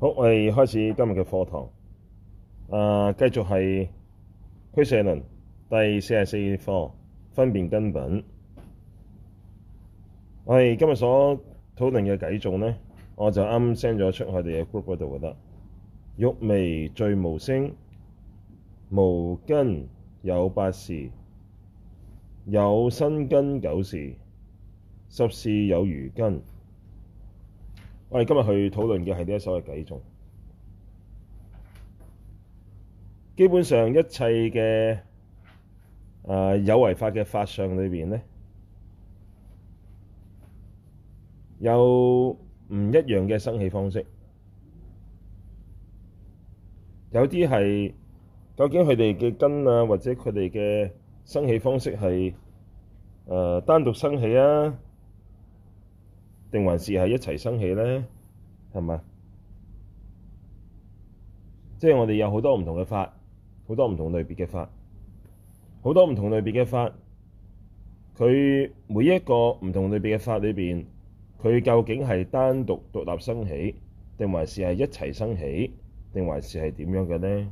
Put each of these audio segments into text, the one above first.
好，我哋開始今日嘅課堂。啊、呃，繼續係俱舍論第四十四課分別根品。我、呃、哋今日所討論嘅偈頌呢，我就啱啱 send 咗出我哋嘅 group 嗰度得。欲微聚無聲，無根有八事，有身根九事，十事有餘根。我哋今日去討論嘅係呢一首嘅偈中，基本上一切嘅啊、呃、有為法嘅法相裏邊咧，有唔一樣嘅生起方式有，有啲係究竟佢哋嘅根啊，或者佢哋嘅生起方式係誒、呃、單獨生起啊。定還是係一齊生起咧？係咪？即係我哋有好多唔同嘅法，好多唔同類別嘅法，好多唔同類別嘅法。佢每一個唔同類別嘅法裏邊，佢究竟係單獨獨立生起，定還是係一齊生起，定還是係點樣嘅咧？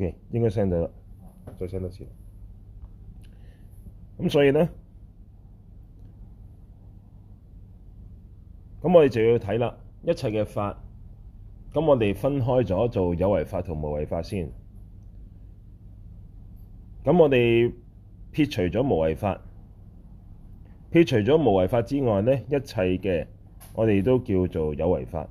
Okay, 應該 send 到啦，再 send 多次。咁所以咧，咁我哋就要睇啦，一切嘅法，咁我哋分開咗做有為法同無為法先。咁我哋撇除咗無為法，撇除咗無為法之外咧，一切嘅我哋都叫做有為法。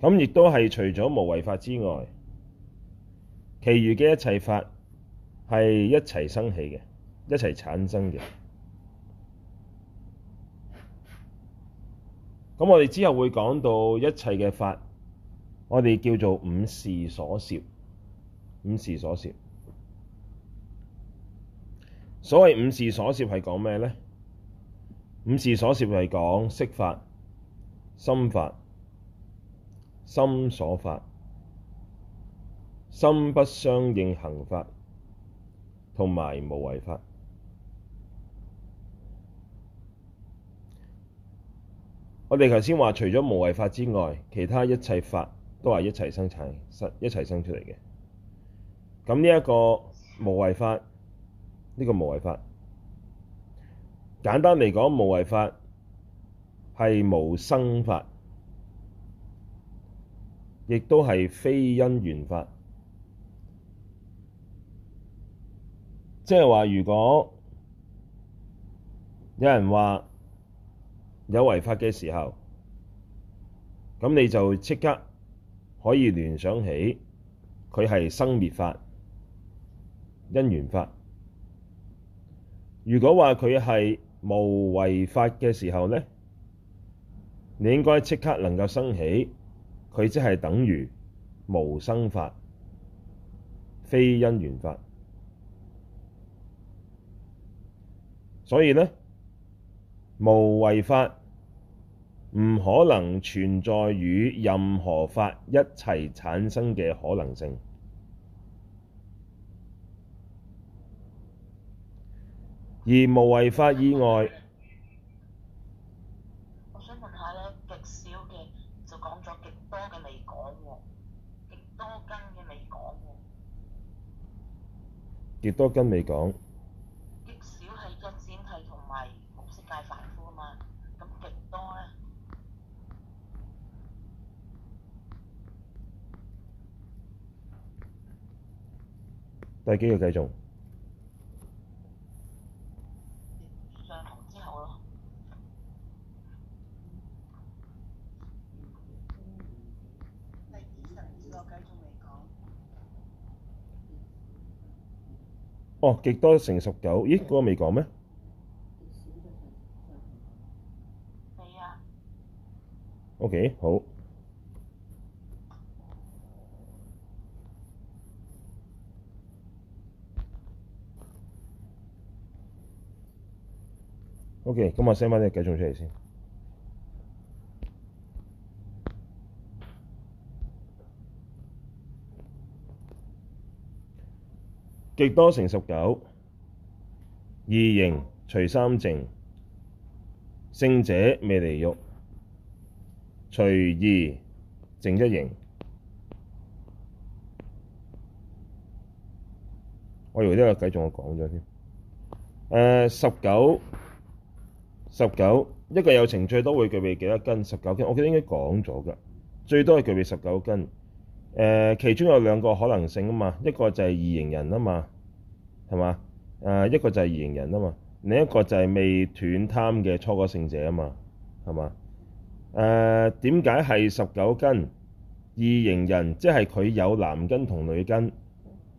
咁亦都係除咗無為法之外，其餘嘅一切法係一齊生起嘅，一齊產生嘅。咁我哋之後會講到一切嘅法，我哋叫做五事所攝，五事所攝。所謂五事所攝係講咩呢？五事所攝係講色法、心法。心所法，心不相應行法同埋無為法。我哋頭先話，除咗無為法之外，其他一切法都係一齊生產、齊一齊生出嚟嘅。咁呢一個無為法，呢、這個無為法，簡單嚟講，無為法係無生法。亦都係非因緣法，即係話，如果有人話有為法嘅時候，咁你就即刻可以聯想起佢係生滅法、因緣法。如果話佢係無為法嘅時候咧，你應該即刻能夠生起。佢即係等於無生法，非因緣法，所以呢，無為法唔可能存在與任何法一齊產生嘅可能性，而無為法以外。極多跟未講。極少係一闡提同埋無色界凡夫啊嘛，咁極多咧？第幾要繼續？哦，極多成十九，咦，嗰、那個未講咩？O K，好。O K，咁啊，先問你繼續出嚟先。極多成十九，二形除三淨，聖者未離欲，除二淨一形。我以為呢個偈仲我講咗添。誒、呃，十九，十九，一個有情最多會具備幾多根？十九根，我記得應該講咗㗎，最多係具備十九根。誒、呃、其中有兩個可能性啊嘛，一個就係二形人啊嘛，係嘛？誒、呃、一個就係二形人啊嘛，另一個就係未斷貪嘅初果聖者啊嘛，係嘛？誒，點解係十九根？二形人即係佢有男根同女根，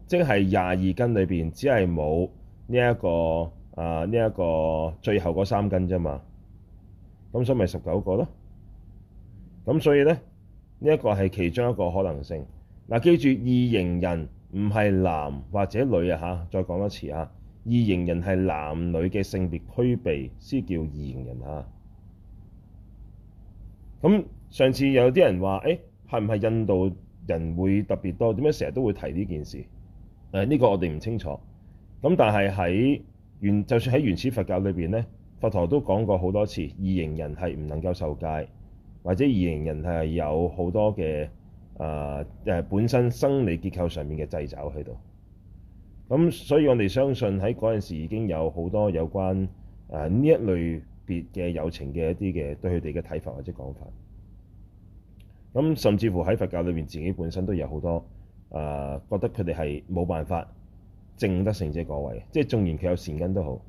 即係廿二根裏邊只係冇呢一個啊，呢一個最後嗰三根啫嘛，咁所以咪十九個咯，咁所以咧。呢一個係其中一個可能性。嗱、啊，記住，二形人唔係男或者女啊嚇，再講多次啊，二形人係男女嘅性別區別先叫二形人啊。咁上次有啲人話，誒、哎，係唔係印度人會特別多？點解成日都會提呢件事？誒、啊，呢、這個我哋唔清楚。咁但係喺原就算喺原始佛教裏邊咧，佛陀都講過好多次，二形人係唔能夠受戒。或者二形人係有好多嘅啊，誒，本身生理結構上面嘅掣肘喺度，咁所以我哋相信喺嗰陣時已經有好多有關啊呢、呃、一類別嘅有情嘅一啲嘅對佢哋嘅睇法或者講法，咁甚至乎喺佛教裏面，自己本身都有好多啊、呃、覺得佢哋係冇辦法證得聖者果位嘅，即係縱然佢有善根都好，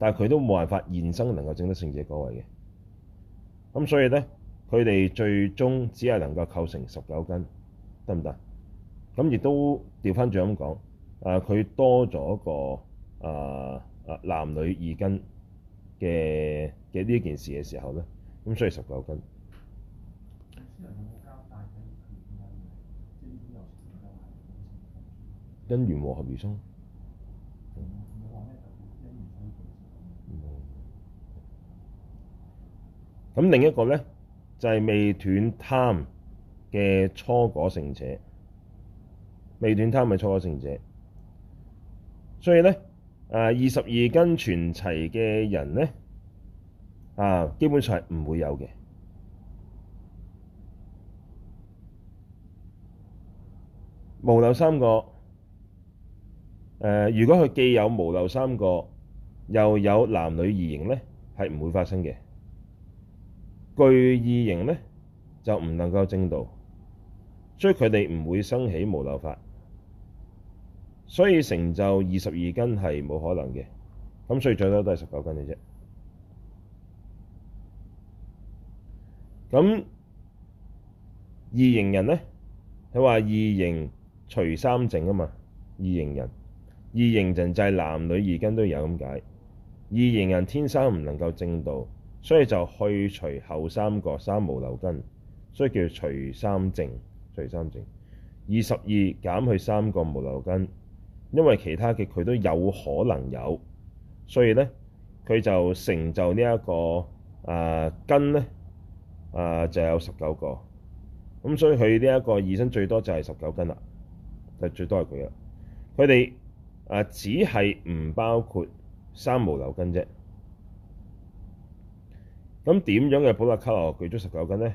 但係佢都冇辦法現生能夠證得聖者果位嘅。咁所以咧，佢哋最終只係能夠構成十九根，得唔得？咁亦都調翻轉咁講，誒，佢、啊、多咗個誒誒、呃、男女二根嘅嘅呢件事嘅時候咧，咁、啊、所以十九根。因緣和合如松。咁另一個咧，就係、是、未斷貪嘅初果聖者，未斷貪嘅初果聖者。所以咧，啊二十二根全齊嘅人咧，啊基本上係唔會有嘅。無漏三個，誒、啊、如果佢既有無漏三個，又有男女二形咧，係唔會發生嘅。具二形呢，就唔能夠證道，所以佢哋唔會生起無漏法，所以成就二十二根係冇可能嘅，咁所以最多都係十九根嘅啫。咁二形人呢，佢話二形除三淨啊嘛？二形人，二形人就係男女二根都有咁解。二形人天生唔能夠證道。所以就去除後三個三無漏根，所以叫除三淨。除三淨，二十二減去三個無漏根，因為其他嘅佢都有可能有，所以咧佢就成就、這個呃、呢一個啊根咧啊就有十九個。咁所以佢呢一個異生最多就係十九根啦，就是、最多係佢啦。佢哋啊只係唔包括三無漏根啫。咁點樣嘅補特伽羅具足十九根呢？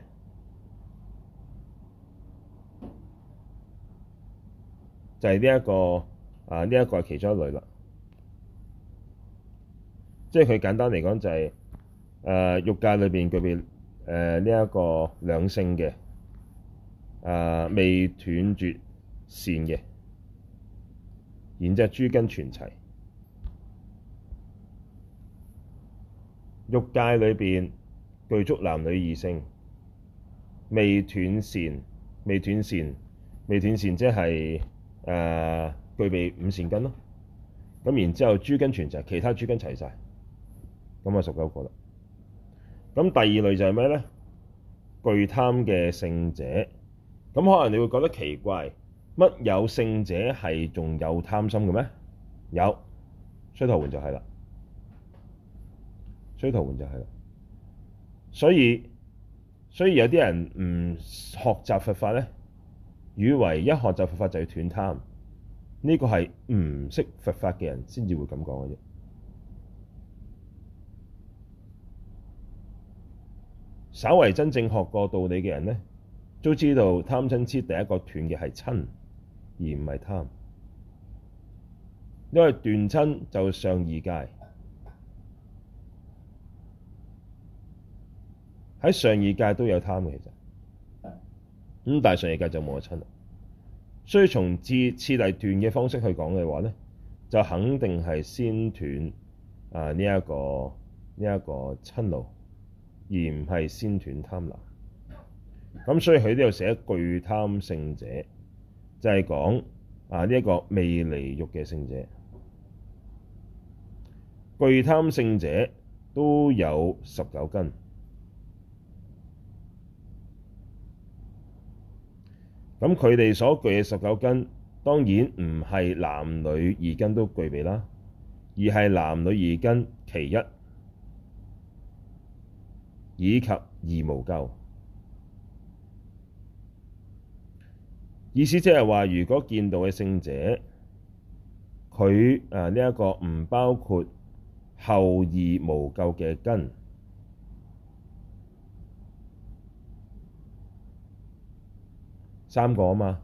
就係呢一個啊，呢、這、一個係其中一類啦。即係佢簡單嚟講、就是，就係誒欲界裏邊具備誒呢一個兩性嘅啊，未斷絕善嘅，然之後諸根全齊，欲界裏邊。具足男女二性，未斷善，未斷善，未斷善，就是，即係誒具備五善根咯。咁然之後諸根全齊，其他諸根齊晒，咁啊十九個啦。咁第二類就係咩咧？具貪嘅聖者，咁可能你會覺得奇怪，乜有聖者係仲有貪心嘅咩？有，須陀洹就係啦，須陀洹就係啦。所以，所以有啲人唔學習佛法咧，以為一學習佛法就要斷貪，呢個係唔識佛法嘅人先至會咁講嘅啫。稍微真正學過道理嘅人咧，都知道貪瞋痴第一個斷嘅係瞋，而唔係貪，因為斷瞋就上二界。喺上二界都有貪嘅，其實咁，但係上二界就冇親啦。所以從至次第斷嘅方式去講嘅話咧，就肯定係先斷啊呢一個呢一個親路，而唔係先斷貪婪。咁所以佢呢度寫具貪聖者，就係講啊呢一個未離欲嘅聖者。具貪聖者都有十九根。咁佢哋所具嘅十九根，當然唔係男女二根都具備啦，而係男女二根其一，以及二無垢。意思即係話，如果見道嘅聖者，佢誒呢一個唔包括後二無垢嘅根。三個啊嘛，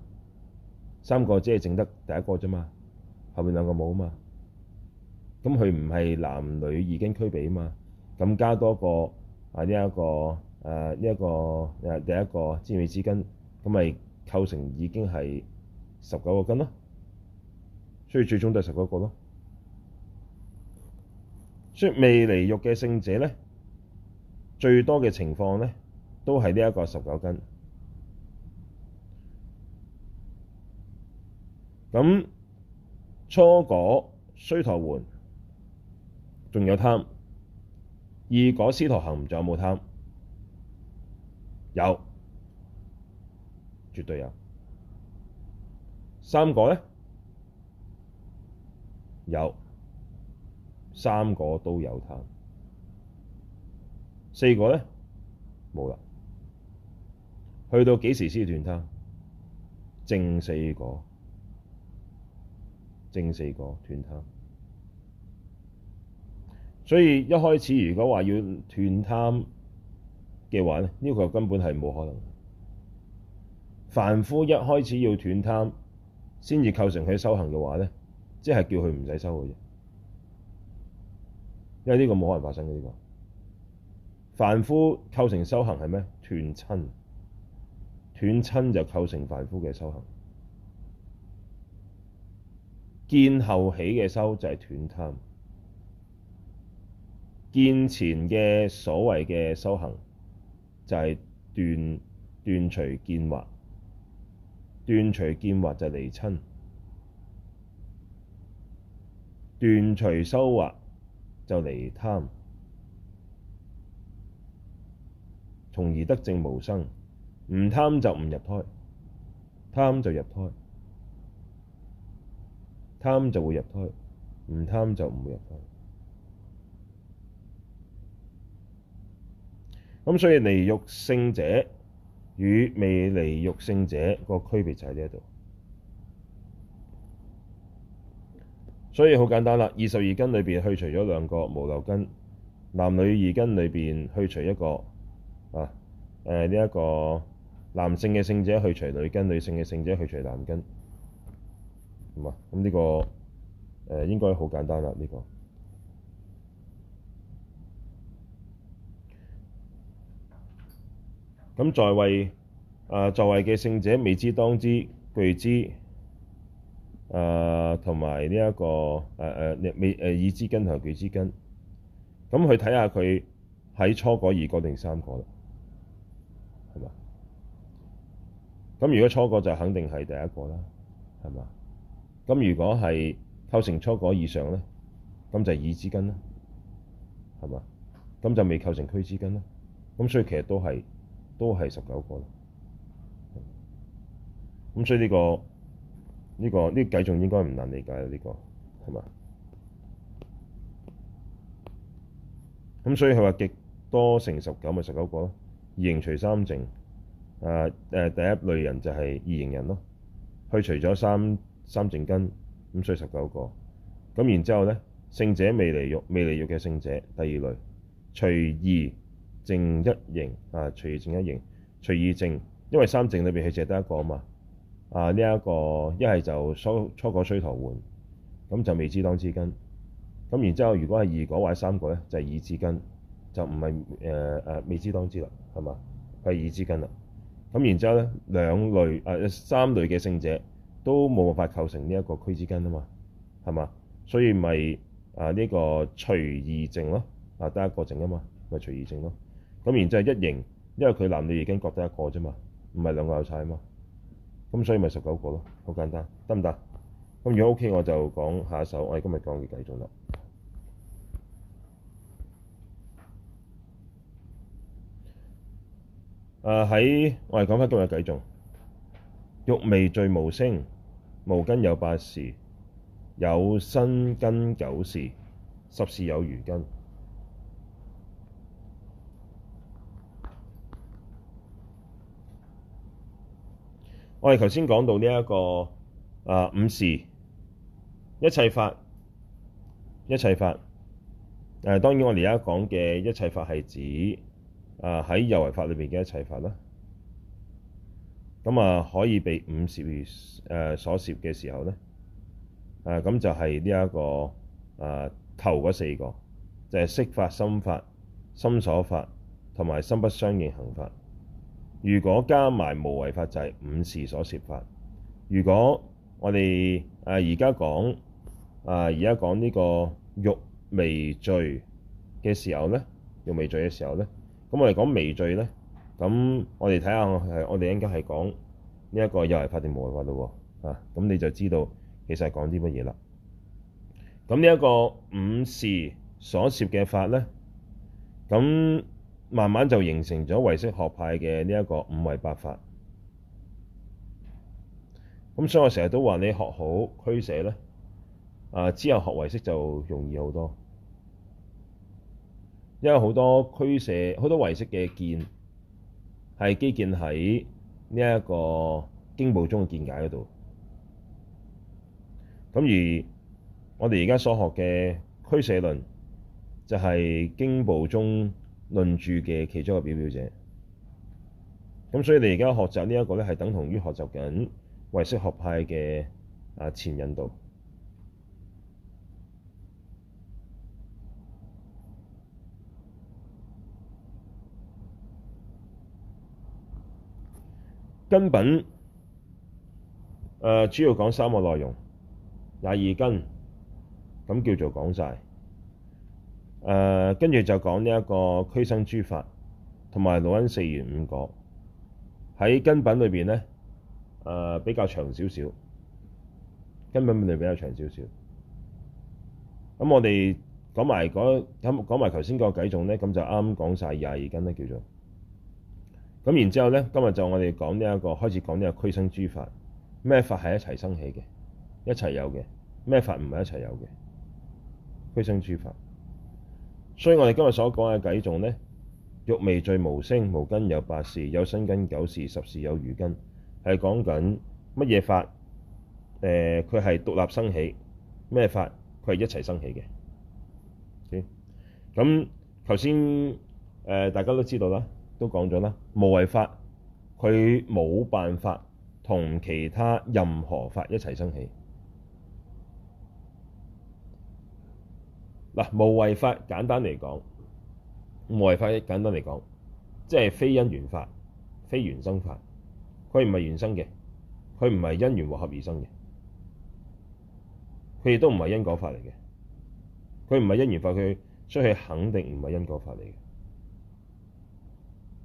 三個只係剩得第一個啫嘛，後面兩個冇啊嘛。咁佢唔係男女二根區別啊嘛，咁加多個啊呢一個誒呢、啊、一個誒第、啊、一個尖尾支根，咁、啊、咪、啊啊、構成已經係十九個根咯。所以最終都係十九個咯。所以未離欲嘅聖者咧，最多嘅情況咧，都係呢一個十九根。咁初果須陀洹，仲有貪；二果斯陀含，仲有冇貪？有，絕對有。三果呢？有，三個都有貪。四果呢？冇啦。去到幾時先斷貪？證四果。正四個斷貪，所以一開始如果話要斷貪嘅話呢，呢個根本係冇可能。凡夫一開始要斷貪，先至構成佢修行嘅話呢，即係叫佢唔使修嘅啫，因為呢個冇可能發生嘅呢、呢個。凡夫構成修行係咩？斷親，斷親就構成凡夫嘅修行。見後起嘅修就係斷貪，見前嘅所謂嘅修行就係斷斷除見惑，斷除見惑就離親，斷除修惑就離貪，從而得證無生。唔貪就唔入胎，貪就入胎。貪就會入胎，唔貪就唔會入胎。咁所以離欲聖者與未離欲聖者個區別就喺呢一度。所以好簡單啦，二十二根裏邊去除咗兩個無漏根，男女二根裏邊去除一個啊，誒呢一個男性嘅聖者去除女根，女性嘅聖者去除男根。咁呢個誒應該好簡單啦。呢、這個咁在位啊、呃，在位嘅聖者未知當知具知啊，同埋呢一個誒誒、呃、未誒已、呃、知根同具知根咁去睇下佢喺初果、二果定三果咯，係嘛？咁如果初果就肯定係第一個啦，係嘛？咁如果係構成初果以上咧，咁就係已知根啦，係嘛？咁就未構成具知根啦。咁所以其實都係都係十九個啦。咁所以呢、呢個呢、呢個呢、呢個呢個、計仲應該唔難理解呢、呢個係嘛？咁所以佢話極多成十九咪十九個咯，二形除三淨啊。誒、呃呃，第一類人就係二形人咯，去除咗三。三淨根咁需十九個，咁然之後咧，聖者未離欲，未離欲嘅聖者第二類除二淨一形啊，除二淨一形，除二淨，因為三淨裏邊係只係得一個啊嘛，啊呢一,一個一係就初初果須陀洹，咁就未知當知根，咁然之後如果係二果或者三果咧，就係、是、已知根，就唔係誒誒未知當知啦，係嘛？係、就是、已知根啦，咁然之後咧兩類啊三類嘅聖者。都冇辦法構成呢一個區之間啊嘛，係嘛？所以咪啊呢個隨意淨咯，啊得一個淨啊嘛，咪、就是、隨意淨咯。咁然之後一形，因為佢男女已經各得一個啫嘛，唔係兩個有齊啊嘛。咁所以咪十九個咯，好簡單，得唔得？咁如果 OK 我就講下一首、呃，我哋今日講嘅計數啦。誒喺我哋講翻今日計數，欲微聚無聲，無根有八事，有身根九事，十事有餘根。我哋頭先講到呢、這、一個啊、呃、五事，一切法，一切法。誒、呃，當然我哋而家講嘅一切法係指啊喺、呃、有為法裏面嘅一切法啦。咁啊，可以被五事誒所攝嘅時候咧，誒、啊、咁就係呢一個誒、啊、頭嗰四個，就係、是、色法、心法、心所法同埋心不相應行法。如果加埋無為法，就係五事所攝法。如果我哋誒而家講誒而家講呢個欲微聚嘅時候咧，欲微聚嘅時候咧，咁我哋講微聚咧，咁我哋睇下，我哋應該係講呢一個有為法定無為法咯。啊，咁你就知道其實係講啲乜嘢啦。咁呢一個五事所攝嘅法咧，咁慢慢就形成咗唯識學派嘅呢一個五位百法。咁所以我成日都話你學好俱舍咧，啊之後學唯識就容易好多，因為好多俱舍好多唯識嘅見。係基建喺呢一個經部中嘅見解嗰度，咁而我哋而家所學嘅俱舍論，就係經部中論著嘅其中一個表表者，咁所以你而家學習呢一個咧，係等同於學習緊唯識學派嘅啊前引導。根品誒、呃、主要講三個內容，廿二根咁叫做講晒。誒、呃，跟住就講呢一個俱生諸法同埋六因四緣五果喺根品裏邊咧，誒比較長少少，根品裏邊比較長少少。咁我哋講埋、那個、講咁講埋頭先嗰個偈仲咧，咁就啱啱講晒廿二根咧叫做。咁然之後咧，今日就我哋講呢一個開始講呢個俱生諸法，咩法係一齊生起嘅，一齊有嘅，咩法唔係一齊有嘅，俱生諸法。所以我哋今日所講嘅偈仲咧，欲微聚無聲，無根有八事，有身根九事，十事有餘根，係講緊乜嘢法？誒、呃，佢係獨立生起，咩法佢係一齊生起嘅。咁頭先誒大家都知道啦。都講咗啦，無為法佢冇辦法同其他任何法一齊生起嗱，無為法簡單嚟講，無為法簡單嚟講，即係非因緣法、非原生法，佢唔係原生嘅，佢唔係因緣和合而生嘅，佢亦都唔係因果法嚟嘅，佢唔係因緣法，佢所以佢肯定唔係因果法嚟嘅。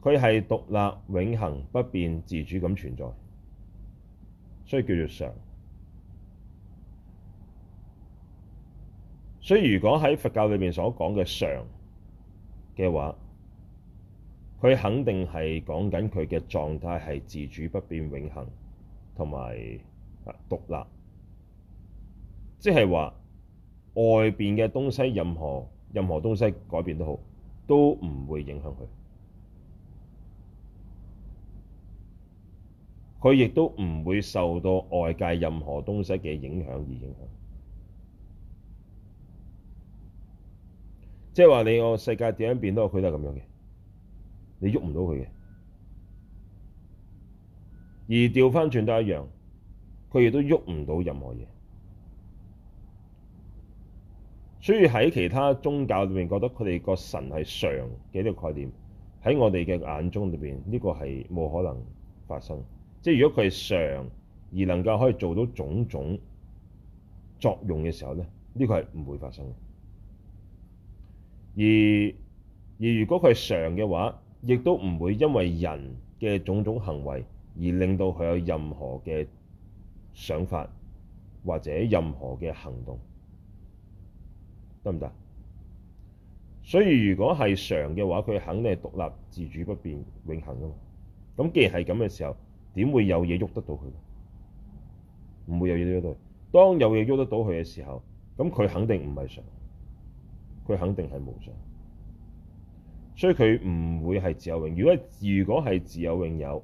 佢係獨立、永恆、不變、自主咁存在，所以叫做常。所以如果喺佛教裏面所講嘅常嘅話，佢肯定係講緊佢嘅狀態係自主、不變、永恆，同埋啊獨立，即係話外邊嘅東西，任何任何東西改變都好，都唔會影響佢。佢亦都唔會受到外界任何東西嘅影響而影響，即係話你個世界點樣變都，佢都係咁樣嘅，你喐唔到佢嘅。而調翻轉都一樣，佢亦都喐唔到任何嘢。所以喺其他宗教裏面，覺得佢哋個神係常嘅呢個概念，喺我哋嘅眼中裏邊，呢個係冇可能發生。即係如果佢係常而能夠可以做到種種作用嘅時候咧，呢個係唔會發生嘅。而而如果佢係常嘅話，亦都唔會因為人嘅種種行為而令到佢有任何嘅想法或者任何嘅行動，得唔得？所以如果係常嘅話，佢肯定係獨立自主不變、永恆噶嘛。咁既然係咁嘅時候。點會有嘢喐得到佢？唔會有嘢喐得到佢。當有嘢喐得到佢嘅時候，咁佢肯定唔係常，佢肯定係無常。所以佢唔會係自有永。如果如果係自有永有，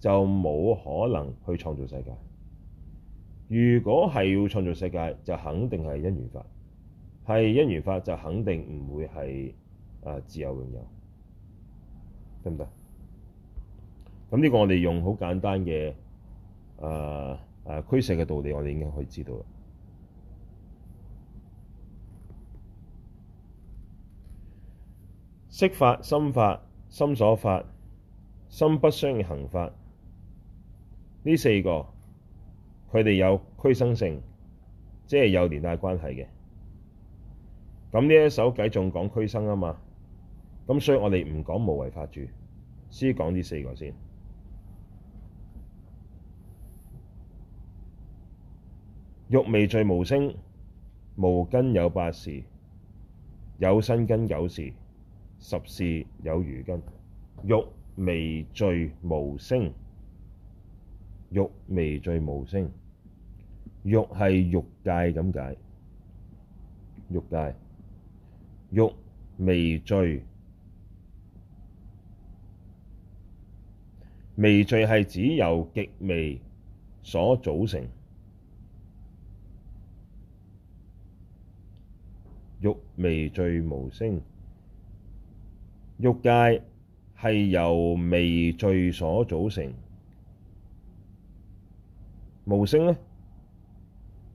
就冇可能去創造世界。如果係要創造世界，就肯定係因緣法。係因緣法就肯定唔會係啊自有永有，得唔得？咁呢個我哋用好簡單嘅誒誒趨勢嘅道理，我哋已經可以知道啦。色法、心法、心所法、心不相應行法呢四個，佢哋有俱生性，即係有連帶關係嘅。咁呢一首偈仲講俱生啊嘛，咁所以我哋唔講無為法住，先講呢四個先。欲微聚無聲，無根有八事，有身根九事，十事有餘根。欲微聚無聲，欲微聚無聲，欲係欲界咁解。欲界，欲微聚。微聚係指由極微所組成。欲微聚無聲，欲界係由微聚所組成。無聲咧，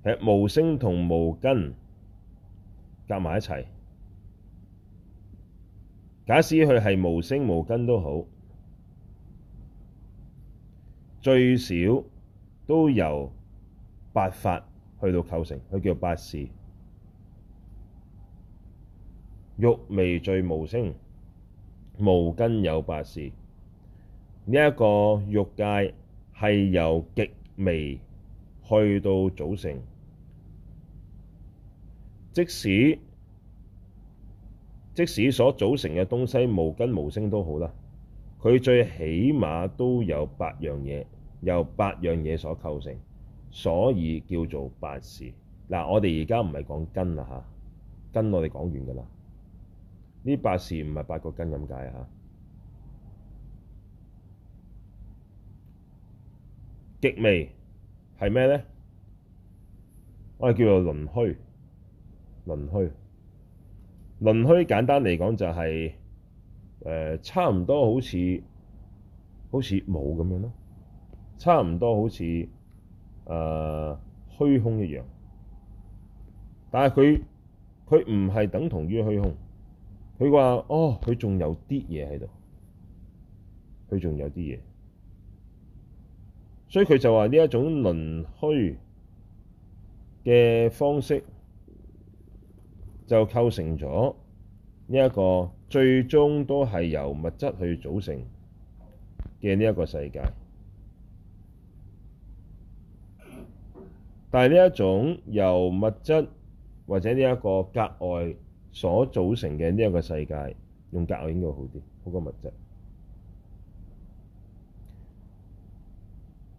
係無聲同無根夾埋一齊。假使佢係無聲無根都好，最少都由八法去到構成，佢叫做八事。欲微聚無聲，無根有八事。呢、這、一個欲界係由極微去到組成，即使即使所組成嘅東西無根無聲都好啦，佢最起碼都有八樣嘢，由八樣嘢所構成，所以叫做八事。嗱，我哋而家唔係講根啦，嚇，根我哋講完㗎啦。啲八事唔係八個根咁解嚇，極微係咩咧？我哋叫做鄰虛，鄰虛，鄰虛簡單嚟講就係、是、誒、呃、差唔多好似好似冇咁樣咯，差唔多好似誒虛空一樣，但係佢佢唔係等同於虛空。佢話：哦，佢仲有啲嘢喺度，佢仲有啲嘢，所以佢就話呢一種鄰虛嘅方式，就構成咗呢一個最終都係由物質去組成嘅呢一個世界。但係呢一種由物質或者呢一個格外。所組成嘅呢一個世界，用格外應該好啲，好過物質。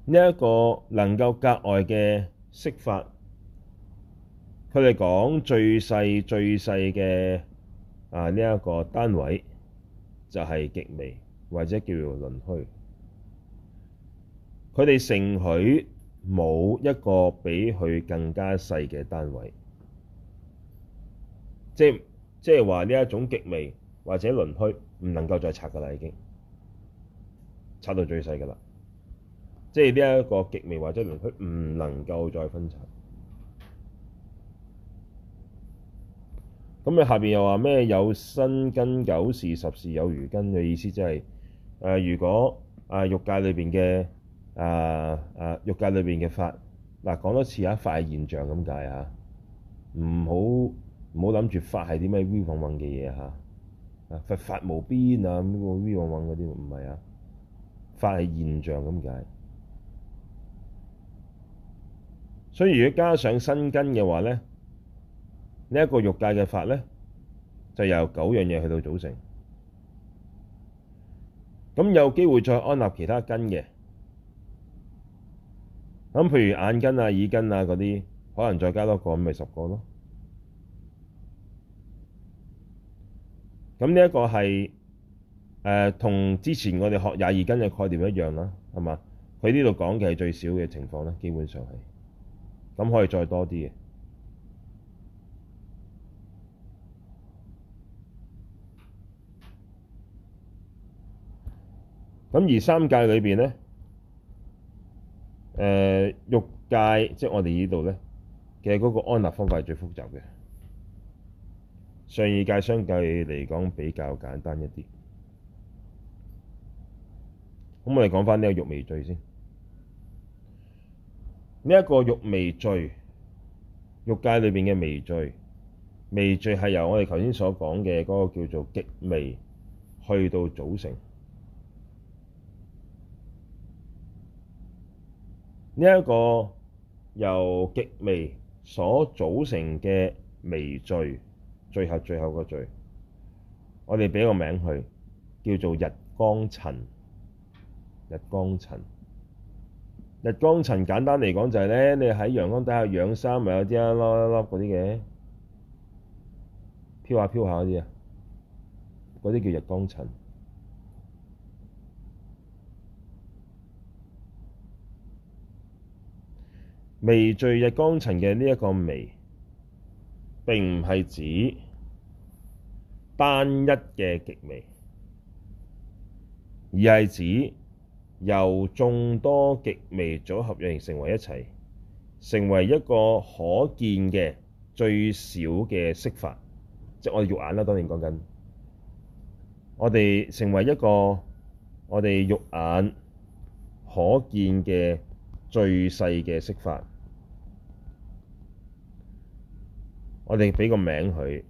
呢一個能夠格外嘅色法，佢哋講最細最細嘅啊呢一、這個單位，就係、是、極微或者叫做鄰虛。佢哋承許冇一個比佢更加細嘅單位，即係即係話呢一種極微或者鄰虛，唔能夠再拆噶啦，已經拆到最細噶啦。即係呢一個極微或者鄰虛，唔能夠再分拆。咁你下邊又話咩？有身根，九事十事有餘根嘅意思，即係誒，如果啊欲界裏邊嘅啊啊欲界裏邊嘅法，嗱講多次一塊現象咁解嚇，唔好。唔好諗住法係啲咩虛晃晃嘅嘢嚇，啊法法無邊啊，咁個虛晃晃嗰啲唔係啊，法係現象咁解。所以如果加上身根嘅話咧，呢、這、一個欲界嘅法咧，就由九樣嘢去到組成。咁有機會再安立其他根嘅，咁譬如眼根啊、耳根啊嗰啲，可能再加多一個，咁咪十個咯。咁呢一個係誒同之前我哋學廿二根嘅概念一樣啦，係嘛？佢呢度講嘅係最少嘅情況啦，基本上係咁、嗯、可以再多啲嘅。咁、嗯、而三界裏邊咧，誒、呃、欲界即係、就是、我哋呢度咧嘅其實嗰個安立方法係最複雜嘅。上二界相對嚟講比較簡單一啲，咁我哋講翻呢個欲微聚先。呢一個欲微聚，欲界裏邊嘅微聚，微聚係由我哋頭先所講嘅嗰個叫做極微去到組成。呢一個由極微所組成嘅微聚。最後最後個最，我哋畀個名佢，叫做日光塵。日光塵，日光塵簡單嚟講就係咧，你喺陽光底下養生，咪有啲粒粒嗰啲嘅，飄下飄下嗰啲啊，嗰啲叫日光塵。微聚日光塵嘅呢一個微。並唔係指單一嘅極微，而係指由眾多極微組合形成為一齊，成為一個可見嘅最小嘅色法，即我哋肉眼啦。當然講緊，我哋成為一個我哋肉眼可見嘅最細嘅色法。我哋畀個名佢，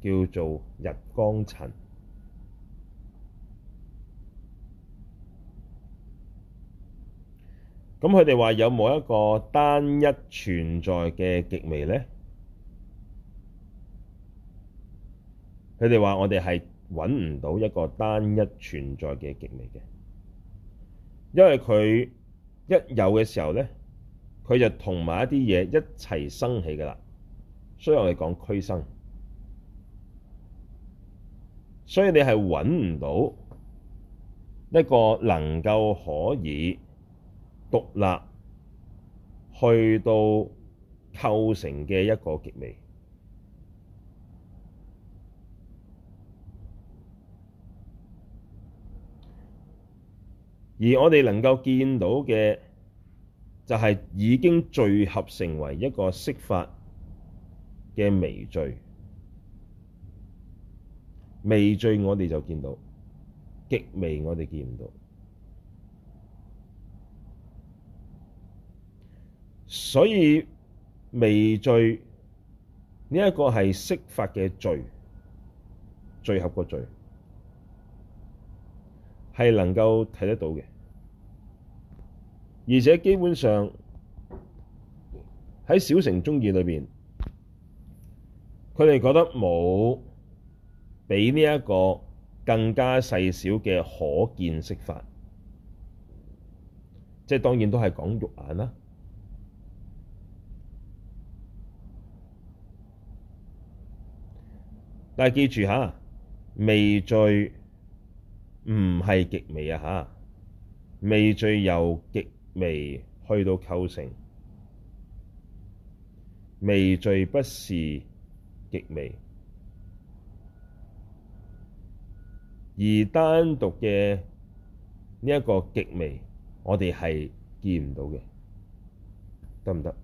叫做日光塵。咁佢哋話有冇一個單一存在嘅極微咧？佢哋話我哋係揾唔到一個單一存在嘅極微嘅，因為佢一有嘅時候咧，佢就同埋一啲嘢一齊生起㗎喇。所以我哋講俱生，所以你係揾唔到一個能夠可以獨立去到構成嘅一個極微，而我哋能夠見到嘅就係已經聚合成為一個色法嘅微聚，微聚我哋就見到，極微我哋見唔到，所以微聚呢一個係色法嘅聚，聚合個聚係能夠睇得到嘅，而且基本上喺小乘中意裏邊。佢哋覺得冇比呢一個更加細小嘅可見色法，即係當然都係講肉眼啦。但係記住吓，微聚唔係極微啊！吓，微聚由極微去到構成，微聚不是極微，而單獨嘅呢一個極微，我哋係見唔到嘅，得唔得？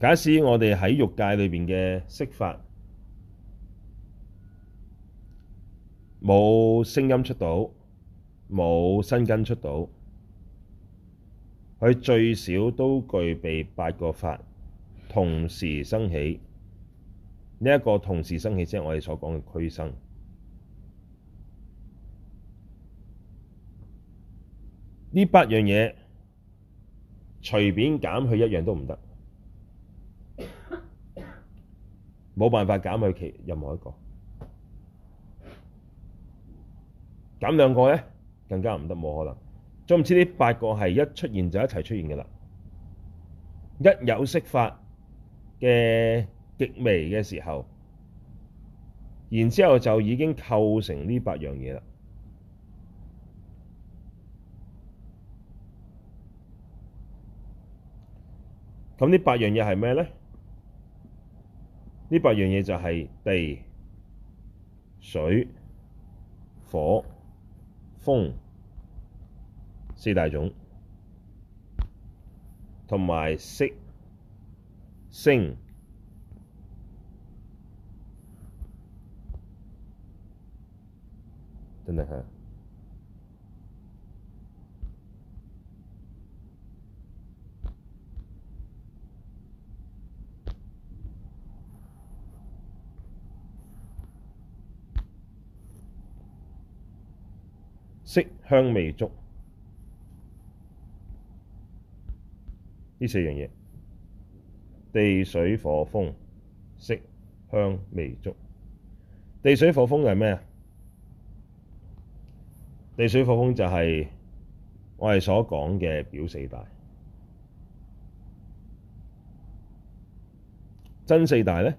假使我哋喺欲界裏邊嘅色法，冇聲音出到，冇身根出到。佢最少都具備八個法同時生起，呢、這、一個同時生起即係我哋所講嘅俱生。呢八樣嘢隨便減去一樣都唔得，冇辦法減去其任何一個。減兩個咧更加唔得，冇可能。總之，呢八個係一出現就一齊出現嘅啦。一有色法嘅極微嘅時候，然之後就已經構成呢八樣嘢啦。咁呢八樣嘢係咩咧？呢八樣嘢就係地、水、火、風。四大種，同埋色聲，真係嚇。色香味觸。呢四樣嘢，地水火風、色香味觸。地水火風係咩啊？地水火風就係我哋所講嘅表四大。真四大咧，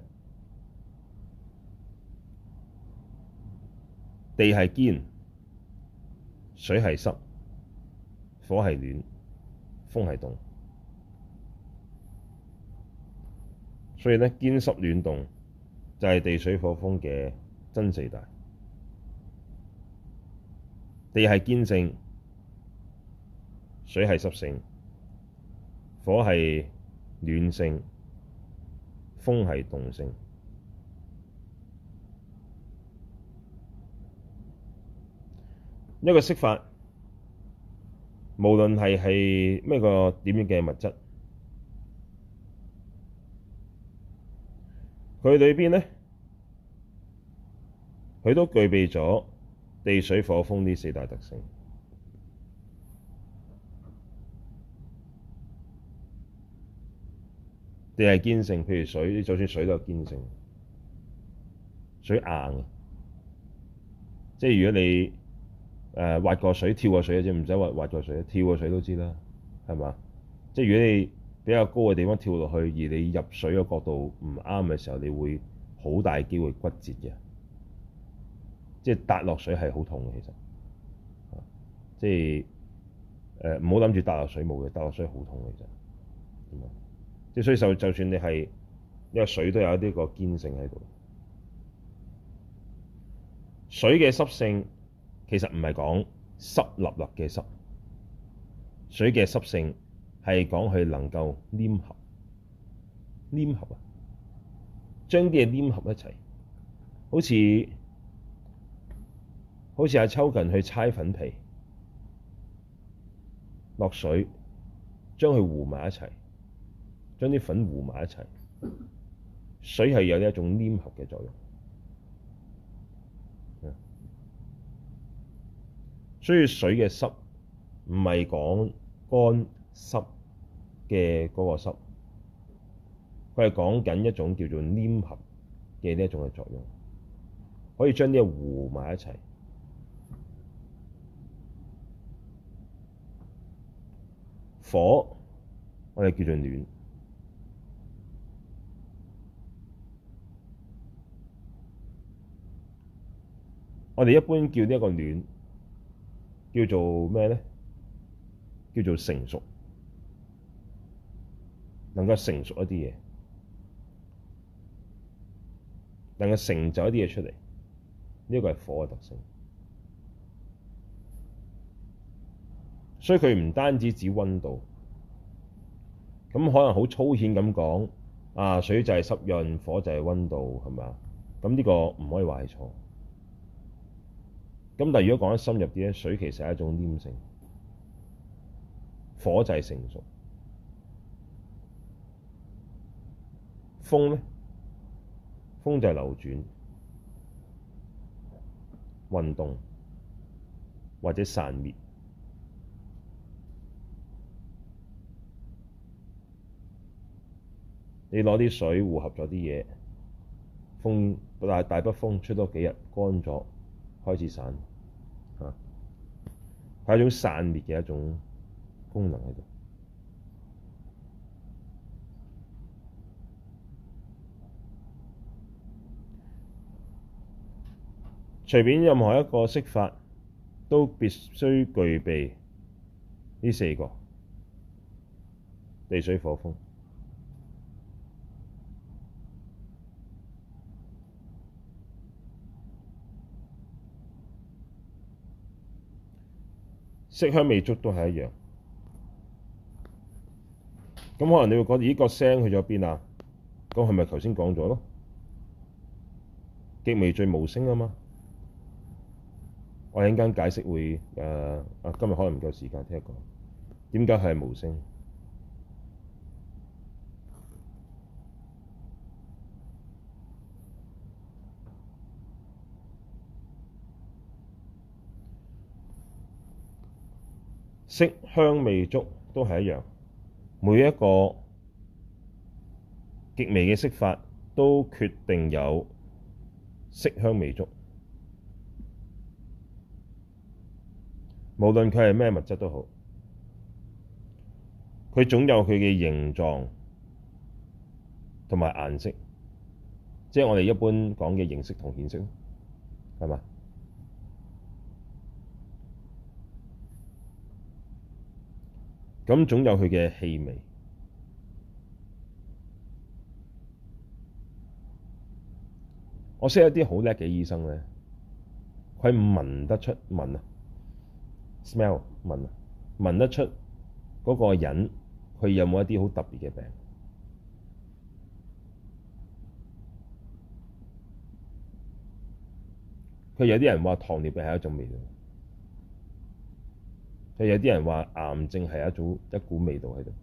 地係堅，水係濕，火係暖，風係動。所以呢，堅濕暖動就係、是、地水火風嘅真四大。地係堅性，水係濕性，火係暖性，風係動性。一個色法，無論係係咩個點樣嘅物質。佢裏邊咧，佢都具備咗地水火風呢四大特性，地係堅性。譬如水，就算水都有堅性，水硬，即係如果你誒、呃、滑過水、跳過水嘅啫，唔使滑滑過水，跳過水都知啦，係嘛？即係如果你。比較高嘅地方跳落去，而你入水嘅角度唔啱嘅時候，你會好大機會骨折嘅。即係跌落水係好痛嘅，其實，即係誒唔好諗住跌落水冇嘅，跌落水好痛嘅其實。即係所以就就算你係因為水都有一啲個堅性喺度。水嘅濕性其實唔係講濕立立嘅濕，水嘅濕性。係講佢能夠黏合，黏合啊，將啲嘢黏合一齊。好似好似阿秋近去搓粉皮，落水將佢糊埋一齊，將啲粉糊埋一齊，水係有一種黏合嘅作用。所以水嘅濕唔係講乾濕。嘅嗰個濕，佢係講緊一種叫做黏合嘅呢一種嘅作用，可以將啲嘢糊埋一齊。火，我哋叫做暖。我哋一般叫呢一個暖，叫做咩呢？叫做成熟。能夠成熟一啲嘢，能夠成就一啲嘢出嚟，呢個係火嘅特性。所以佢唔單止指温度，咁可能好粗淺咁講，啊水就係濕潤，火就係温度，係咪啊？咁呢個唔可以話係錯。咁但係如果講得深入啲咧，水其實係一種黏性，火就係成熟。風呢？風就係流轉、運動或者散滅。你攞啲水混合咗啲嘢，風大大北風吹多幾日，乾咗開始散，嚇、啊、係一種散滅嘅一種功能喺度。隨便任何一個色法都必須具備呢四個地、水、火、風。色、香、味、觸都係一樣。咁可能你會覺得，咦，個聲去咗邊啊？咁係咪頭先講咗咯？極微最無聲啊嘛！我一陣間解釋會誒啊，今日可能唔夠時間，聽日講。點解係無聲？色香味觸都係一樣。每一個極微嘅色法都決定有色香味觸。無論佢係咩物質都好，佢總有佢嘅形狀同埋顏色，即係我哋一般講嘅形色同顯色，係嘛？咁總有佢嘅氣味。我識一啲好叻嘅醫生咧，佢聞得出聞啊！Smell 聞啊，聞得出嗰個人佢有冇一啲好特別嘅病？佢有啲人話糖尿病係一種味道，佢有啲人話癌症係一種一股味道喺度，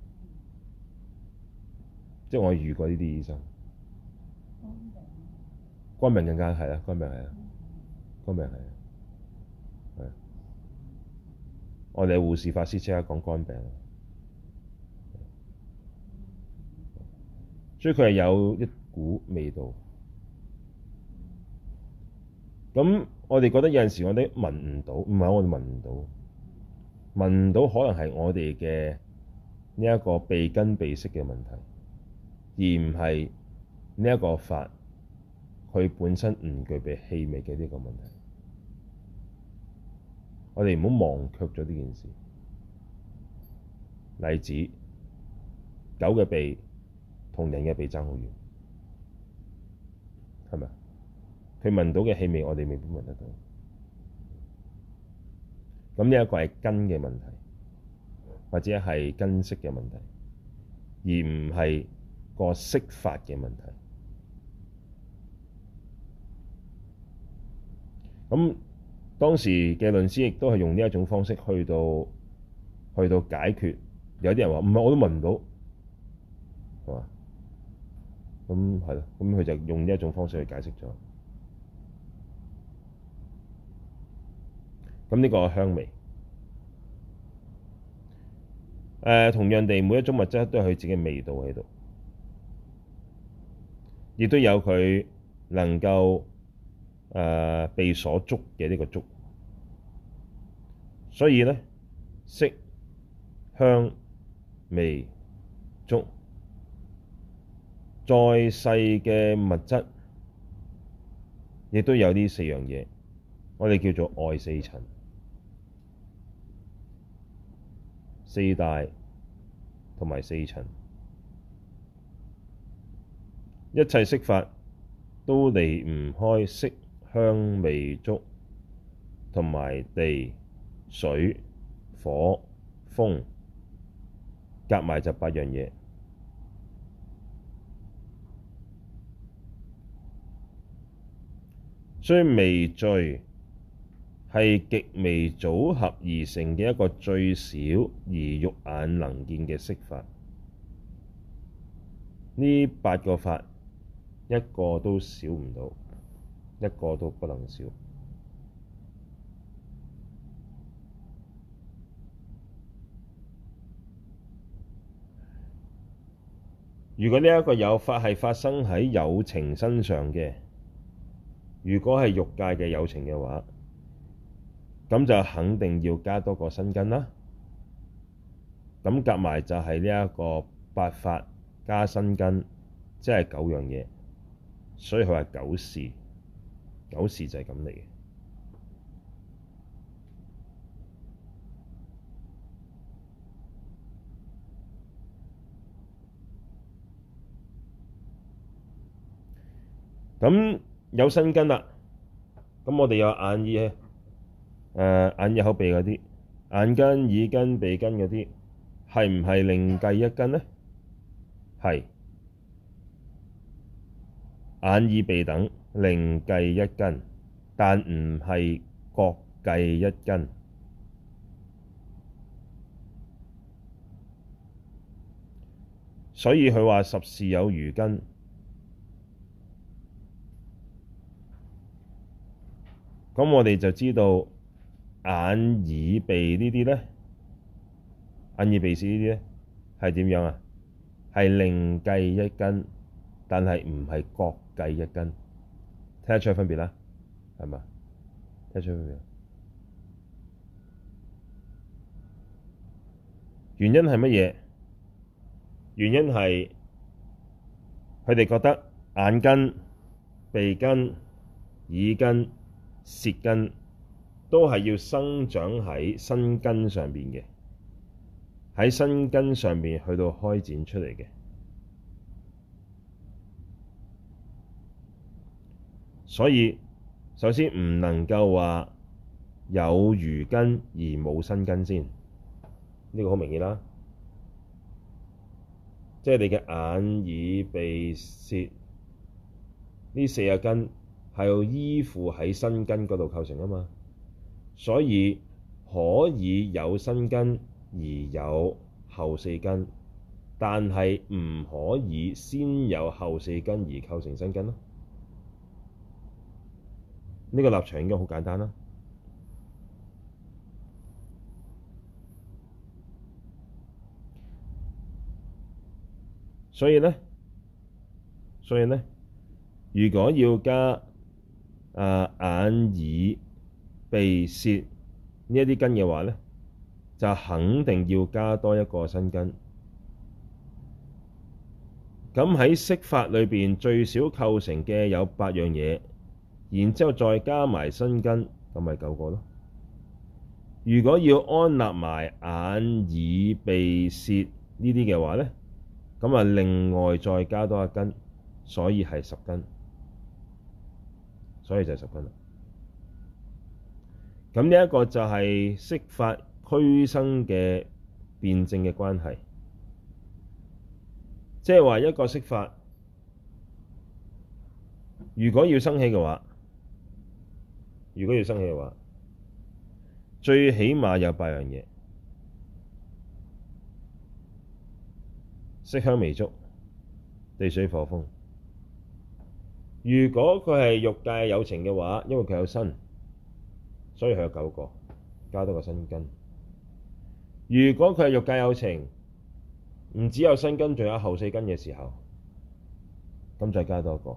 即係我遇過呢啲醫生。肝病，更加係啦，肝病係啦呀，肝病係呀。我哋護士法師即刻講肝病，所以佢係有一股味道。咁我哋覺得有陣時我哋聞唔到，唔係我哋聞唔到，聞唔到可能係我哋嘅呢一個鼻根鼻息嘅問題，而唔係呢一個法佢本身唔具備氣味嘅呢個問題。我哋唔好忘卻咗呢件事。例子，狗嘅鼻同人嘅鼻爭好遠，係咪？佢聞到嘅氣味，我哋未必聞得到。咁呢一個係根嘅問題，或者係根色嘅問題，而唔係個色法嘅問題。咁。當時嘅論師亦都係用呢一種方式去到去到解決，有啲人話唔係我都聞唔到，係嘛？咁係咯，咁佢就用呢一種方式去解釋咗。咁呢個香味，誒、呃、同樣地，每一種物質都有佢自己嘅味道喺度，亦都有佢能夠。誒、呃、被所觸嘅呢個觸，所以咧色香味觸，再細嘅物質，亦都有呢四樣嘢，我哋叫做外四塵，四大同埋四塵，一切色法都離唔開色。香味觸，同埋地、水、火、風，夾埋就八樣嘢。所以微聚係極微組合而成嘅一個最小而肉眼能見嘅色法。呢八個法一個都少唔到。一個都不能少。如果呢一個有法係發生喺有情身上嘅，如果係欲界嘅有情嘅話，咁就肯定要加多個身根啦。咁夾埋就係呢一個八法加身根，即係九樣嘢，所以佢話九事。九事就係咁嚟嘅。咁有身根啦，咁我哋有眼耳，誒、呃、眼耳口鼻嗰啲，眼根耳根鼻根嗰啲，係唔係另計一根呢？係，眼耳鼻等。另計一根，但唔係各計一根，所以佢話十事有餘根」。咁我哋就知道眼、耳、鼻呢啲咧，眼耳呢、耳、鼻舌呢啲咧係點樣啊？係另計一根，但係唔係各計一根。睇得出分別啦，係嘛？睇得出分別。原因係乜嘢？原因係佢哋覺得眼根、鼻根、耳根、耳根、舌根都係要生長喺身根上邊嘅，喺身根上邊去到開展出嚟嘅。所以首先唔能夠話有餘根而冇身根先，呢、這個好明顯啦。即係你嘅眼、耳、鼻、舌呢四隻根係要依附喺身根嗰度構成啊嘛。所以可以有身根而有後四根，但係唔可以先有後四根而構成身根咯。呢個立場應該好簡單啦，所以呢，所以咧，如果要加、呃、眼耳鼻舌呢啲根嘅話呢就肯定要加多一個身根。咁喺色法裏邊最少構成嘅有八樣嘢。然之後再加埋身根，咁咪九個咯。如果要安立埋眼、耳、鼻、舌呢啲嘅話咧，咁啊另外再加多一根，所以係十根，所以就係十根啦。咁呢一個就係色法俱生嘅辯證嘅關係，即係話一個色法，如果要生起嘅話。如果要生氣嘅話，最起碼有八樣嘢，色香味觸，地水火風。如果佢係欲界有情嘅話，因為佢有身，所以佢有九個，加多個身根。如果佢係欲界有情，唔只有身根，仲有後四根嘅時候，咁再加多一個。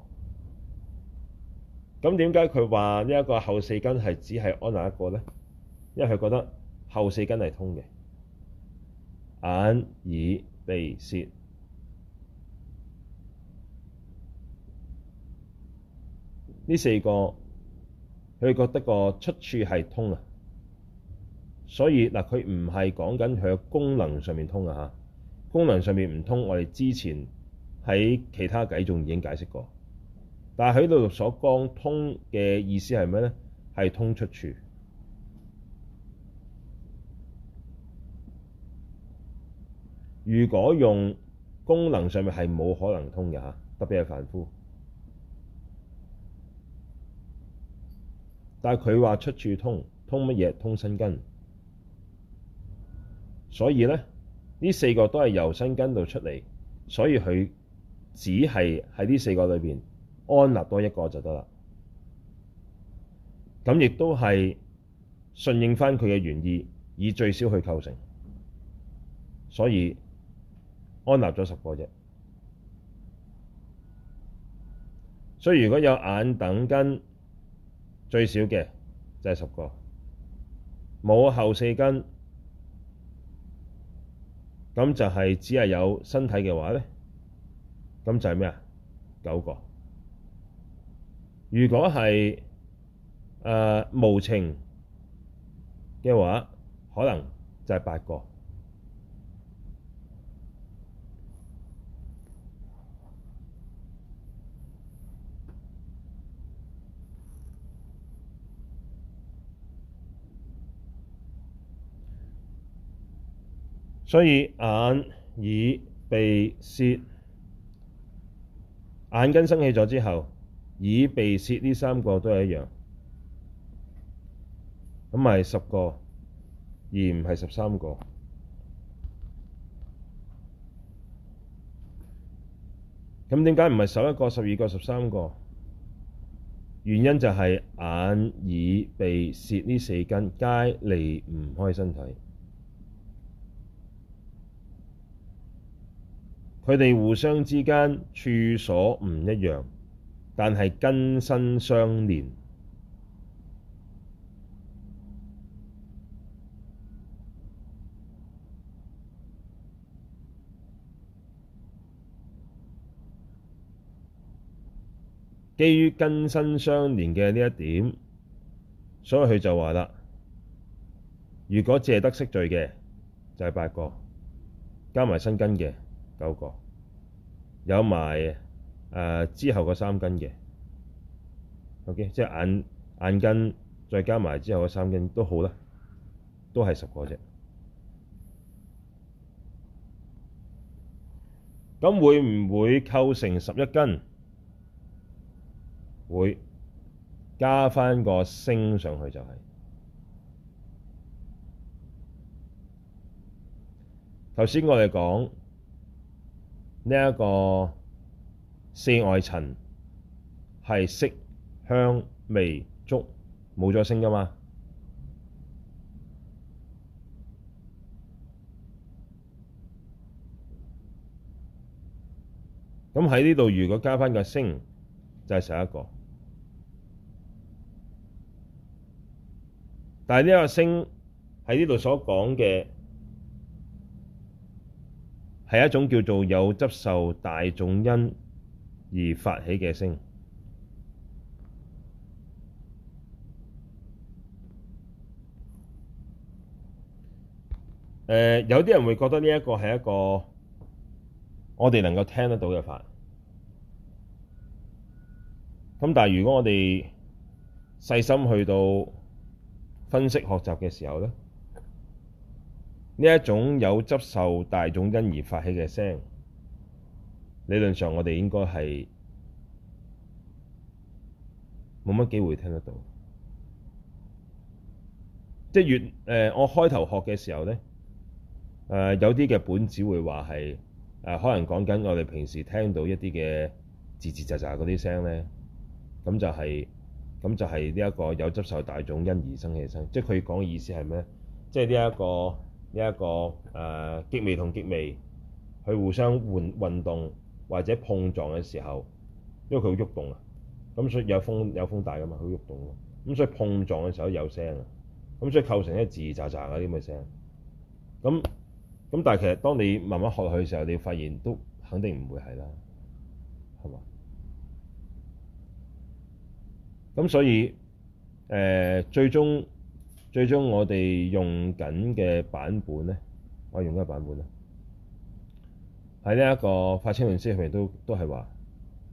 咁點解佢話呢一個後四根係只係安哪一個呢？因為佢覺得後四根係通嘅眼、耳、鼻、舌呢四個，佢覺得個出處係通啊。所以嗱，佢唔係講緊佢嘅功能上面通啊嚇，功能上面唔通，我哋之前喺其他偈仲已經解釋過。但係佢度所講通嘅意思係咩咧？係通出處。如果用功能上面係冇可能通嘅嚇，特別係凡夫。但係佢話出處通，通乜嘢？通身根。所以咧，呢四個都係由身根度出嚟，所以佢只係喺呢四個裏邊。安立多一個就得啦，咁亦都係順應翻佢嘅原意，以最少去構成，所以安立咗十個啫。所以如果有眼等根最少嘅就係十個，冇後四根咁就係只係有身體嘅話咧，咁就係咩啊？九個。如果係誒、呃、無情嘅話，可能就係八個。所以眼、耳、鼻、舌、眼根生起咗之後。耳、鼻、舌呢三個都係一樣，咁係十個，而唔係十三個。咁點解唔係十一個、十二個、十三個？原因就係眼、耳、鼻、舌呢四根皆離唔開身體，佢哋互相之間處所唔一樣。但係根身相連，基於根身相連嘅呢一點，所以佢就話啦：如果借得色聚嘅，就係八個，加埋身根嘅九個，有埋。誒、呃、之後個三根嘅，OK，即係眼眼根再加埋之後個三根都好啦，都係十個啫。咁會唔會構成十一根？會加返個聲上去就係、是。頭先我哋講呢一個。四外塵係色香味觸，冇咗聲噶嘛？咁喺呢度，如果加翻個聲，就係、是、十一個。但係呢個聲喺呢度所講嘅，係一種叫做有執受大種因，而發起嘅聲，誒、呃、有啲人會覺得呢一個係一個，我哋能夠聽得到嘅法。咁但係如果我哋細心去到分析學習嘅時候咧，呢一種有執受大種因而發起嘅聲。理論上，我哋應該係冇乜機會聽得到即。即係越誒，我開頭學嘅時候咧，誒、呃、有啲嘅本子會話係誒，可能講緊我哋平時聽到一啲嘅吱吱喳喳嗰啲聲咧，咁就係、是、咁就係呢一個有執受大種因而生起生。即係佢講嘅意思係咩？即係呢一個呢一、這個誒極微同極微，去互相換運動。或者碰撞嘅時候，因為佢好喐動啊，咁所以有風有風大噶嘛，好喐動咯，咁所以碰撞嘅時候有聲啊，咁所以構成一啲字喳喳嘅啲咁嘅聲，咁咁但係其實當你慢慢學落去嘅時候，你發現都肯定唔會係啦，係嘛？咁所以誒、呃，最終最終我哋用緊嘅版本咧，我用緊嘅版本啊。喺呢一個法稱論師，入邊都都係話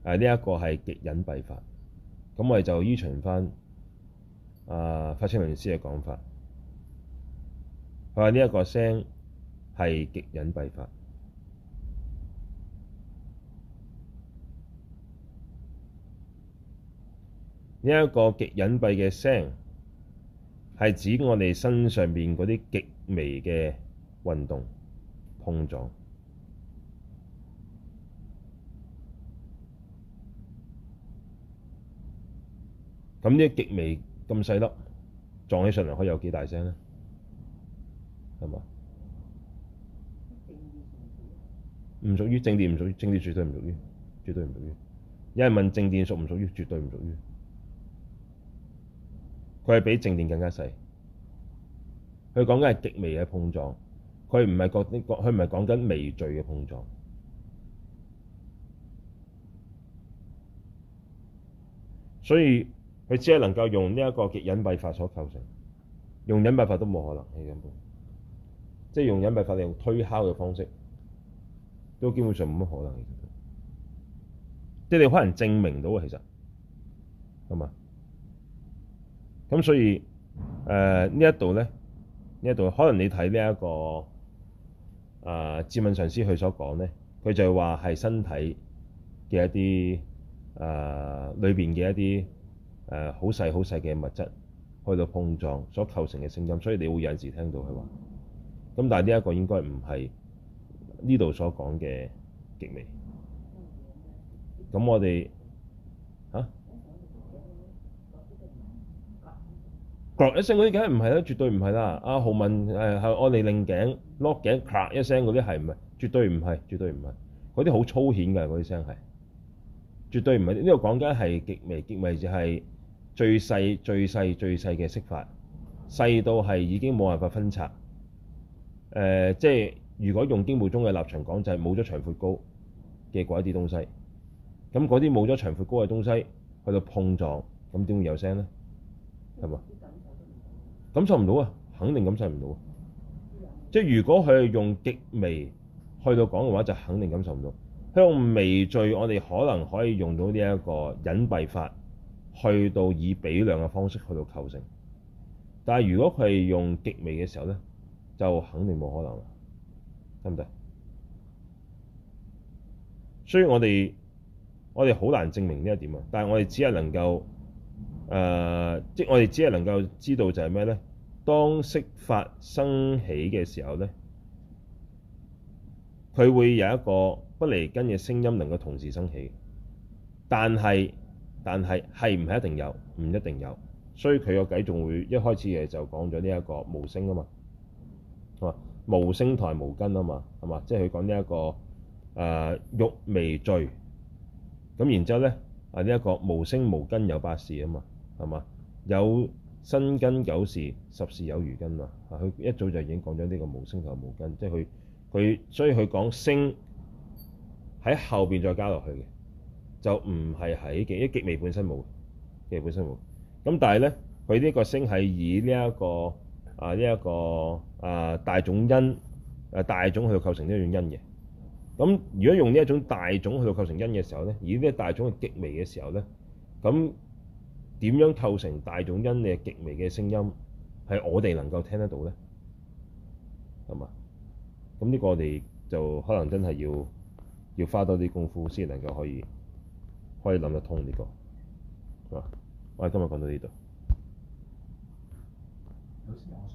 誒，呢一個係極隱蔽法。咁我哋就依循返啊法稱論師嘅講法，佢話呢一個聲係極隱蔽法。呢一個極隱蔽嘅聲係指我哋身上邊嗰啲極微嘅運動碰撞。咁呢啲極微咁細粒撞起上嚟，可以有幾大聲咧？係嘛？唔屬於正電，唔屬於正電，絕對唔屬於，絕對唔屬於。有人問正電屬唔屬於？絕對唔屬於。佢係比正電更加細。佢講緊係極微嘅碰撞，佢唔係講啲講，佢唔係講緊微聚嘅碰撞。所以。佢只係能夠用呢一個極隱蔽法所構成，用隱蔽法都冇可能。用隱蔽，即係用隱蔽法嚟用推敲嘅方式，都基本上冇乜可能。即係你可能證明到啊，其實咁啊，咁所以誒、呃、呢一度咧，呢一度可能你睇呢一個啊智敏上師佢所講咧，佢就係話係身體嘅一啲誒裏邊嘅一啲。誒好、啊、細好細嘅物質，去到碰撞所構成嘅聲音，所以你會有陣時聽到佢話。咁但係呢一個應該唔係呢度所講嘅極微。咁我哋吓？咔、啊、一聲嗰啲梗係唔係啦？絕對唔係啦！阿、啊、豪文誒係我哋拎頸攞頸咔一聲嗰啲係唔係？絕對唔係，絕對唔係。嗰啲好粗顯㗎，嗰啲聲係絕對唔係。呢度講緊係極微，極微就係、是。最細最細最細嘅色法，細到係已經冇辦法分拆。誒、呃，即係如果用經部中嘅立場講，就係冇咗長闊高嘅嗰一啲東西。咁嗰啲冇咗長闊高嘅東西，去到碰撞，咁點會有聲咧？係嘛？感受唔到啊，肯定感受唔到。啊！即係如果佢係用極微去到講嘅話，就肯定感受唔到。香味聚我哋可能可以用到呢一個隱蔽法。去到以比量嘅方式去到構成，但係如果佢係用極微嘅時候咧，就肯定冇可能啦，係咪？所以我哋我哋好難證明呢一點啊，但係我哋只係能夠誒、呃，即係我哋只係能夠知道就係咩咧？當色法生起嘅時候咧，佢會有一個不離根嘅聲音能夠同時生起，但係。但係係唔係一定有？唔一定有，所以佢個偈仲會一開始嘅就講咗呢一個無聲啊嘛，啊無聲台無根啊嘛，係嘛？即係佢講呢一個誒欲微聚，咁然之後咧啊呢一、這個無聲無根有八事啊嘛，係嘛？有身根九事，十事有餘根嘛？啊，佢一早就已經講咗呢個無聲台無根，即係佢佢所以佢講聲喺後邊再加落去嘅。就唔係喺嘅。因為極微本身冇嘅，極微本身冇咁。但係咧，佢呢一個聲係以呢一個啊呢一個啊大種因啊大種去到構成呢一種音嘅。咁如果用呢一種大種去到構成音嘅時候咧，以呢一種大種嘅極微嘅時候咧，咁點樣構成大種音嘅極微嘅聲音係我哋能夠聽得到咧？係嘛？咁呢個我哋就可能真係要要花多啲功夫先能夠可以可以諗得通呢個，係、啊、嘛？我哋今日講到呢度。